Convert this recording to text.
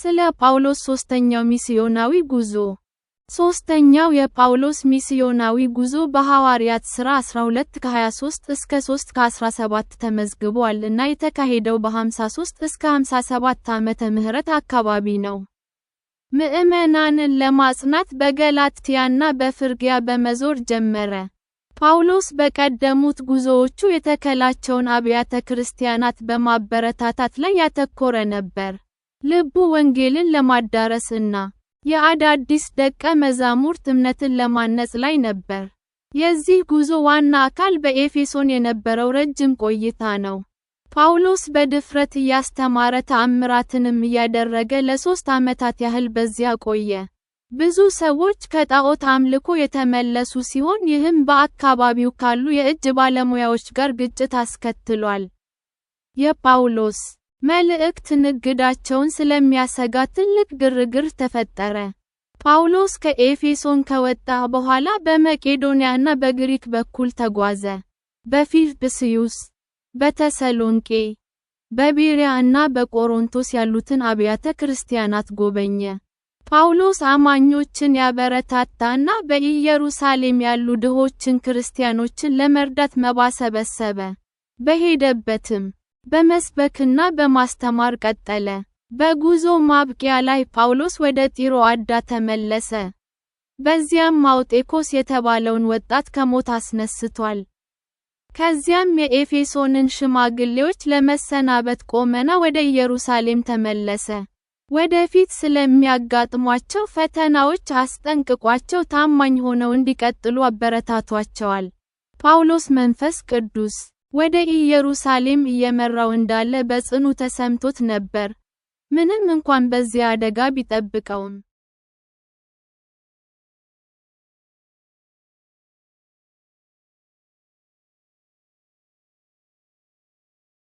ስለ ጳውሎስ ሦስተኛው ሚስዮናዊ ጉዞ። ሦስተኛው የጳውሎስ ሚስዮናዊ ጉዞ በሐዋርያት ሥራ 12 ከ23 እስከ 3 ከ17 ተመዝግቧል እና የተካሄደው በ53 እስከ 57 ዓመተ ምህረት አካባቢ ነው። ምዕመናንን ለማጽናት በገላትያና በፍርግያ በመዞር ጀመረ። ጳውሎስ በቀደሙት ጉዞዎቹ የተከላቸውን አብያተ ክርስቲያናት በማበረታታት ላይ ያተኮረ ነበር። ልቡ ወንጌልን ለማዳረስ እና የአዳዲስ ደቀ መዛሙርት እምነትን ለማነጽ ላይ ነበር። የዚህ ጉዞ ዋና አካል በኤፌሶን የነበረው ረጅም ቆይታ ነው። ጳውሎስ በድፍረት እያስተማረ ተአምራትንም እያደረገ ለሦስት ዓመታት ያህል በዚያ ቆየ። ብዙ ሰዎች ከጣዖት አምልኮ የተመለሱ ሲሆን ይህም በአካባቢው ካሉ የእጅ ባለሙያዎች ጋር ግጭት አስከትሏል። የጳውሎስ መልእክት ንግዳቸውን ስለሚያሰጋ ትልቅ ግርግር ተፈጠረ። ጳውሎስ ከኤፌሶን ከወጣ በኋላ በመቄዶንያና በግሪክ በኩል ተጓዘ። በፊልጵስዩስ፣ በተሰሎንቄ፣ በቤርያ እና በቆሮንቶስ ያሉትን አብያተ ክርስቲያናት ጎበኘ። ጳውሎስ አማኞችን ያበረታታ እና በኢየሩሳሌም ያሉ ድሆችን ክርስቲያኖችን ለመርዳት መባ ሰበሰበ። በሄደበትም በመስበክና በማስተማር ቀጠለ። በጉዞ ማብቂያ ላይ ጳውሎስ ወደ ጢሮአዳ ተመለሰ። በዚያም ማውጤኮስ የተባለውን ወጣት ከሞት አስነስቷል። ከዚያም የኤፌሶንን ሽማግሌዎች ለመሰናበት ቆመና ወደ ኢየሩሳሌም ተመለሰ። ወደፊት ስለሚያጋጥሟቸው ፈተናዎች አስጠንቅቋቸው ታማኝ ሆነው እንዲቀጥሉ አበረታቷቸዋል። ጳውሎስ መንፈስ ቅዱስ ወደ ኢየሩሳሌም እየመራው እንዳለ በጽኑ ተሰምቶት ነበር። ምንም እንኳን በዚያ አደጋ ቢጠብቀውም